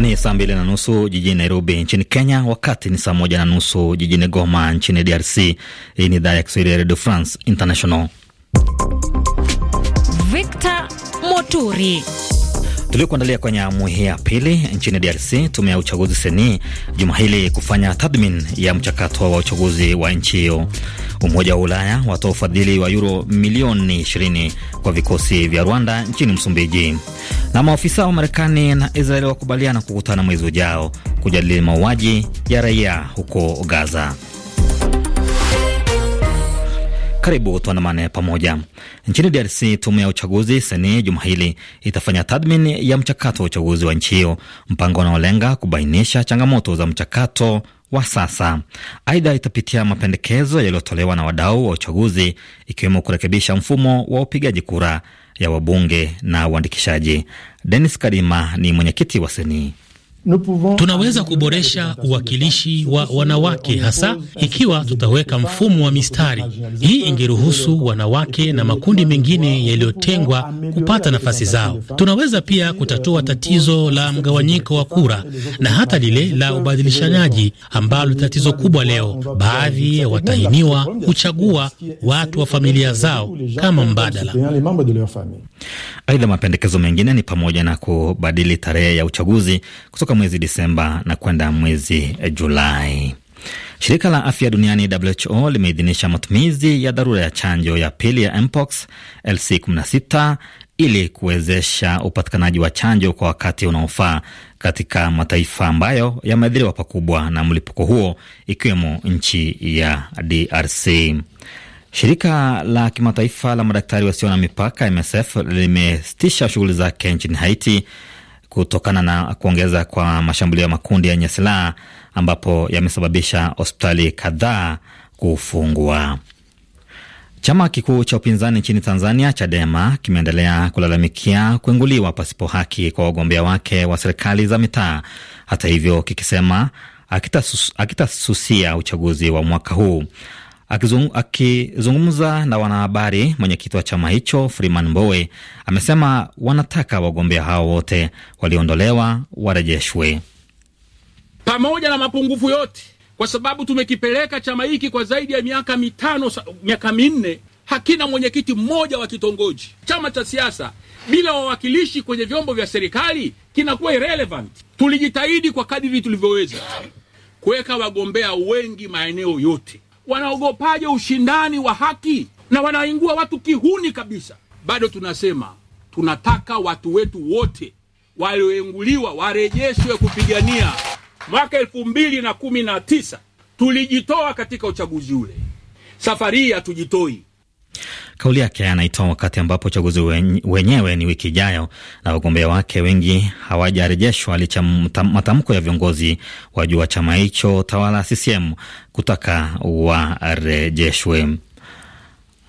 Ni saa mbili na nusu jijini Nairobi nchini Kenya, wakati ni saa moja na nusu jijini Goma nchini DRC. Hii ni idhaa ya Kiswahili ya Redio France International. Victor Moturi Tuliokuandalia kwenye awamu hii ya pili. Nchini DRC, tume ya uchaguzi seni juma hili kufanya tathmini ya mchakato wa uchaguzi wa nchi hiyo. Umoja wa Ulaya watoa ufadhili wa yuro milioni 20 kwa vikosi vya Rwanda nchini Msumbiji, na maofisa wa Marekani na Israeli wakubaliana kukutana mwezi ujao kujadili mauaji ya raia huko Gaza. Karibu tuandamane pamoja. Nchini DRC, tume ya uchaguzi seni juma hili itafanya tathmini ya mchakato wa uchaguzi wa nchi hiyo, mpango unaolenga kubainisha changamoto za mchakato wa sasa. Aidha, itapitia mapendekezo yaliyotolewa na wadau wa uchaguzi, ikiwemo kurekebisha mfumo wa upigaji kura ya wabunge na uandikishaji. Denis Kadima ni mwenyekiti wa seni. Tunaweza kuboresha uwakilishi wa wanawake hasa ikiwa tutaweka mfumo wa mistari. Hii ingeruhusu wanawake na makundi mengine yaliyotengwa kupata nafasi zao. Tunaweza pia kutatua tatizo la mgawanyiko wa kura na hata lile la ubadilishanaji ambalo tatizo kubwa leo. Baadhi ya watahiniwa huchagua watu wa familia zao kama mbadala. Aidha, mapendekezo mengine ni pamoja na kubadili tarehe ya uchaguzi kutoka kutoka mwezi Disemba na kwenda mwezi Julai. Shirika la afya duniani WHO limeidhinisha matumizi ya dharura ya chanjo ya pili ya mpox LC16 ili kuwezesha upatikanaji wa chanjo kwa wakati unaofaa katika mataifa ambayo yameathiriwa pakubwa na mlipuko huo ikiwemo nchi ya DRC. Shirika la kimataifa la madaktari wasio na mipaka MSF limesitisha shughuli zake nchini Haiti kutokana na kuongeza kwa mashambulio ya makundi yenye silaha ambapo yamesababisha hospitali kadhaa kufungwa. Chama kikuu cha upinzani nchini Tanzania, Chadema, kimeendelea kulalamikia kuinguliwa pasipo haki kwa wagombea wake wa serikali za mitaa, hata hivyo kikisema akitasusia uchaguzi wa mwaka huu. Akizungumza na wanahabari, mwenyekiti wa chama hicho Freeman Mbowe amesema wanataka wagombea hao wote walioondolewa warejeshwe pamoja na mapungufu yote, kwa sababu tumekipeleka chama hiki kwa zaidi ya miaka mitano, miaka minne, hakina mwenyekiti mmoja wa kitongoji. Chama cha siasa bila wawakilishi kwenye vyombo vya serikali kinakuwa irrelevant. Tulijitahidi kwa kadiri tulivyoweza kuweka wagombea wengi maeneo yote wanaogopaje ushindani wa haki na wanaingua watu kihuni kabisa. Bado tunasema tunataka watu wetu wote walioenguliwa warejeshwe kupigania. Mwaka elfu mbili na kumi na tisa tulijitoa katika uchaguzi ule, safari hii hatujitoi. Kauli yake anaitoa wakati ambapo uchaguzi wenyewe ni wiki ijayo na wagombea wake wengi hawajarejeshwa licha matamko ya viongozi wa juu wa chama hicho tawala CCM kutaka warejeshwe.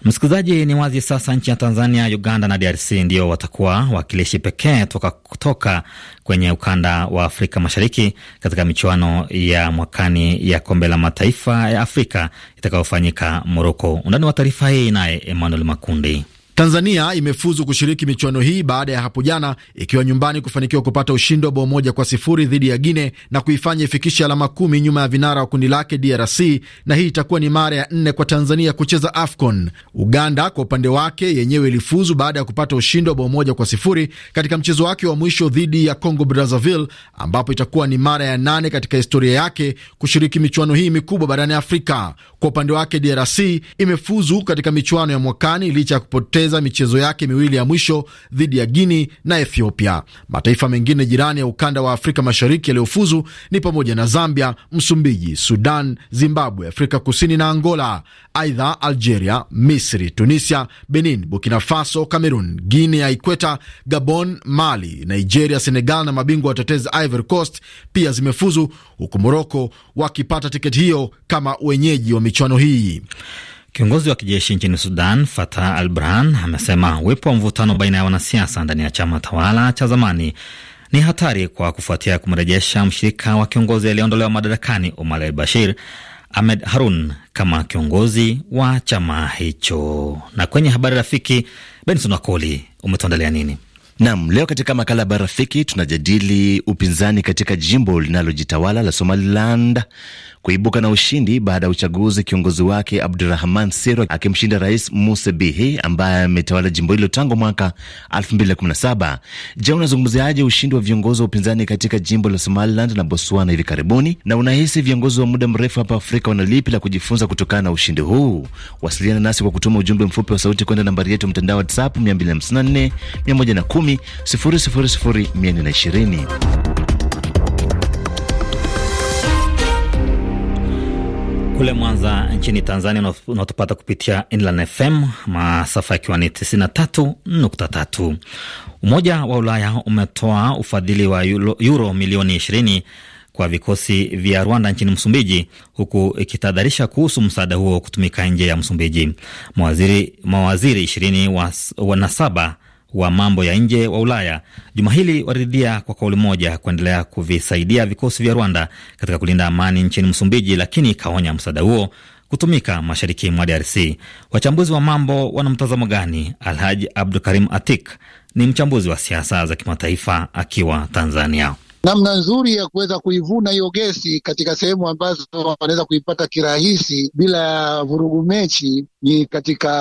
Msikilizaji, ni wazi sasa nchi ya Tanzania, Uganda na DRC ndio watakuwa wakilishi pekee toka kutoka kwenye ukanda wa Afrika Mashariki katika michuano ya mwakani ya Kombe la Mataifa ya Afrika itakayofanyika Moroko. Undani wa taarifa hii naye Emmanuel Makundi. Tanzania imefuzu kushiriki michuano hii baada ya hapo jana ikiwa nyumbani kufanikiwa kupata ushindi wa bao moja kwa sifuri dhidi ya Guine na kuifanya ifikishe alama kumi nyuma ya vinara wa kundi lake DRC, na hii itakuwa ni mara ya nne kwa Tanzania kucheza AFCON. Uganda kwa upande wake yenyewe ilifuzu baada ya kupata ushindi wa bao moja kwa sifuri katika mchezo wake wa mwisho dhidi ya Congo Brazzaville, ambapo itakuwa ni mara ya nane katika historia yake kushiriki michuano hii mikubwa barani Afrika. Kwa upande wake DRC imefuzu katika michuano ya mwakani licha ya kupoteza kucheza michezo yake miwili ya mwisho dhidi ya guini na Ethiopia. Mataifa mengine jirani ya ukanda wa Afrika Mashariki yaliyofuzu ni pamoja na Zambia, Msumbiji, Sudan, Zimbabwe, Afrika Kusini na Angola. Aidha, Algeria, Misri, Tunisia, Benin, Burkina Faso, Cameroon, Guinea ya Ikweta, Gabon, Mali, Nigeria, Senegal na mabingwa watetezi Ivory Coast pia zimefuzu, huku Moroko wakipata tiketi hiyo kama wenyeji wa michuano hii. Kiongozi wa kijeshi nchini Sudan, Fatah Al Burhan, amesema uwepo wa mvutano baina ya wanasiasa ndani ya chama tawala cha zamani ni hatari kwa kufuatia kumrejesha mshirika wa kiongozi aliyeondolewa madarakani Omar Al Bashir, Ahmed Harun, kama kiongozi wa chama hicho. Na kwenye habari rafiki, Benson Wakoli, umetuandalia nini? Nam, leo katika makala Bara Rafiki tunajadili upinzani katika jimbo linalojitawala la Somaliland kuibuka na ushindi baada ya uchaguzi, kiongozi wake Abdurahman Siro akimshinda Rais Muse Bihi ambaye ametawala jimbo hilo tangu mwaka 2017. Je, unazungumziaje ushindi wa viongozi wa upinzani katika jimbo la Somaliland na Botswana hivi karibuni, na unahisi viongozi wa muda mrefu hapa Afrika wanalipi la kujifunza kutokana na ushindi huu? Wasiliana nasi kwa kutuma ujumbe mfupi wa sauti kwenda nambari yetu mtandao WhatsApp 254 110 kule Mwanza nchini Tanzania unatupata kupitia Inland FM masafa yakiwa ni 93.3. Umoja wa Ulaya umetoa ufadhili wa euro, milioni 20 kwa vikosi vya Rwanda nchini Msumbiji, huku ikitahadharisha kuhusu msaada huo kutumika nje ya Msumbiji. Mawaziri ishirini wa, wa na saba wa mambo ya nje wa Ulaya juma hili waridhia kwa kauli moja kuendelea kuvisaidia vikosi vya Rwanda katika kulinda amani nchini Msumbiji, lakini ikaonya msaada huo kutumika mashariki mwa DRC. Wachambuzi wa mambo wana mtazamo gani? Alhaji Abdukarim Atik ni mchambuzi wa siasa za kimataifa akiwa Tanzania. Namna nzuri ya kuweza kuivuna hiyo gesi katika sehemu ambazo wanaweza kuipata kirahisi bila vurugu mechi ni katika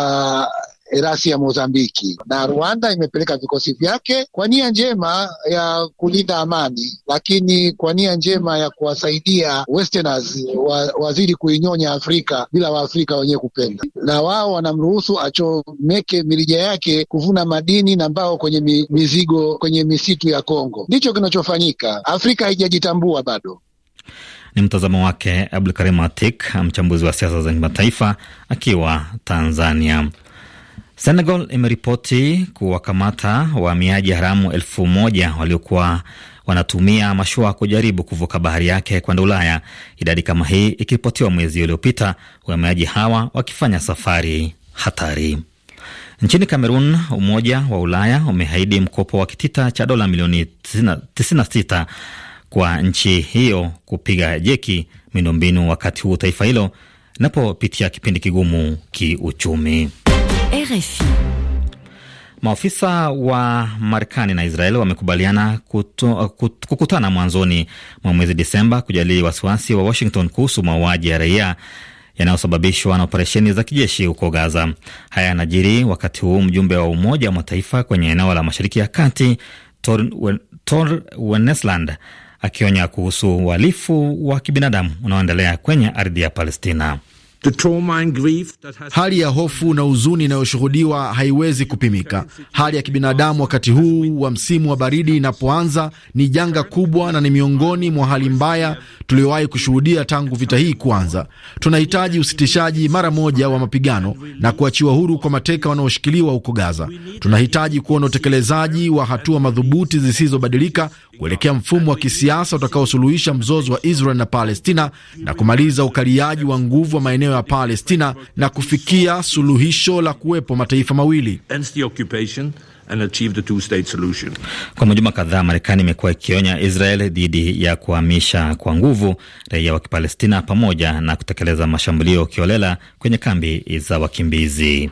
rasi ya Mozambiki, na Rwanda imepeleka vikosi vyake kwa nia njema ya kulinda amani, lakini kwa nia njema ya kuwasaidia westerners wa, wazidi kuinyonya Afrika bila Waafrika wenyewe kupenda, na wao wanamruhusu achomeke mirija yake kuvuna madini na mbao kwenye mizigo kwenye misitu ya Kongo. Ndicho kinachofanyika. Afrika haijajitambua bado. Ni mtazamo wake Abdulkarim Atik, mchambuzi wa siasa za kimataifa akiwa Tanzania. Senegal imeripoti kuwakamata wahamiaji haramu elfu moja waliokuwa wanatumia mashua kujaribu kuvuka bahari yake kwenda Ulaya, idadi kama hii ikiripotiwa mwezi uliopita, wahamiaji hawa wakifanya safari hatari. Nchini Kamerun, Umoja wa Ulaya umeahidi mkopo wa kitita cha dola milioni 96 kwa nchi hiyo kupiga jeki miundombinu, wakati huu taifa hilo linapopitia kipindi kigumu kiuchumi. RFI. Maafisa wa Marekani na Israel wamekubaliana kukutana mwanzoni mwa mwezi Disemba kujadili wasiwasi wa Washington kuhusu mauaji ya raia yanayosababishwa na operesheni za kijeshi huko Gaza. Haya yanajiri wakati huu mjumbe wa Umoja wa Mataifa kwenye eneo la Mashariki ya Kati Tor Wennesland akionya kuhusu uhalifu wa kibinadamu unaoendelea kwenye ardhi ya Palestina. Hali ya hofu na huzuni inayoshuhudiwa haiwezi kupimika. Hali ya kibinadamu wakati huu wa msimu wa baridi inapoanza ni janga kubwa na ni miongoni mwa hali mbaya tuliyowahi kushuhudia tangu vita hii kuanza. Tunahitaji usitishaji mara moja wa mapigano na kuachiwa huru kwa mateka wanaoshikiliwa huko Gaza. Tunahitaji kuona utekelezaji wa hatua madhubuti zisizobadilika kuelekea mfumo wa kisiasa utakaosuluhisha mzozo wa Israel na Palestina na kumaliza ukaliaji wa nguvu wa maeneo maeneo ya Palestina na kufikia suluhisho la kuwepo mataifa mawili. Kwa majuma kadhaa, Marekani imekuwa ikionya Israel dhidi ya kuhamisha kwa nguvu raia wa Kipalestina pamoja na kutekeleza mashambulio kiolela kwenye kambi za wakimbizi.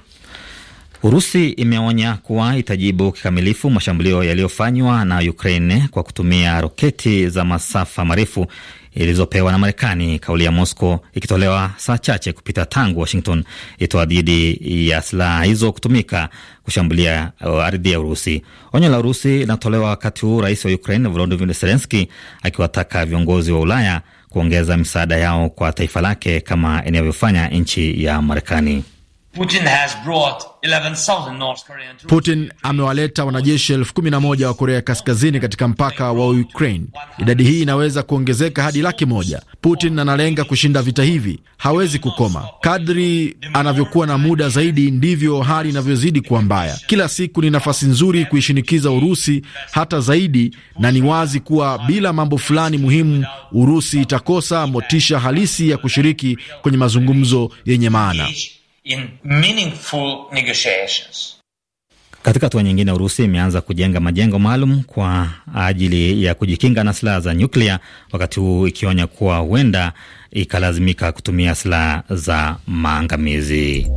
Urusi imeonya kuwa itajibu kikamilifu mashambulio yaliyofanywa na Ukraine kwa kutumia roketi za masafa marefu ilizopewa na Marekani, kauli ya Moscow ikitolewa saa chache kupita tangu Washington itoa dhidi ya silaha hizo kutumika kushambulia uh, ardhi ya Urusi. Onyo la Urusi linatolewa wakati huu rais wa Ukraine Volodymyr Zelensky akiwataka viongozi wa Ulaya kuongeza misaada yao kwa taifa lake kama inavyofanya nchi ya Marekani. Putin Putin amewaleta wanajeshi elfu kumi na moja wa Korea Kaskazini katika mpaka wa Ukraine. Idadi hii inaweza kuongezeka hadi laki moja. Putin analenga kushinda vita hivi, hawezi kukoma. Kadri anavyokuwa na muda zaidi, ndivyo hali inavyozidi kuwa mbaya. Kila siku ni nafasi nzuri kuishinikiza Urusi hata zaidi, na ni wazi kuwa bila mambo fulani muhimu, Urusi itakosa motisha halisi ya kushiriki kwenye mazungumzo yenye maana in meaningful negotiations. Katika hatua nyingine, Urusi imeanza kujenga majengo maalum kwa ajili ya kujikinga na silaha za nyuklia, wakati huu ikionya kuwa huenda ikalazimika kutumia silaha za maangamizi.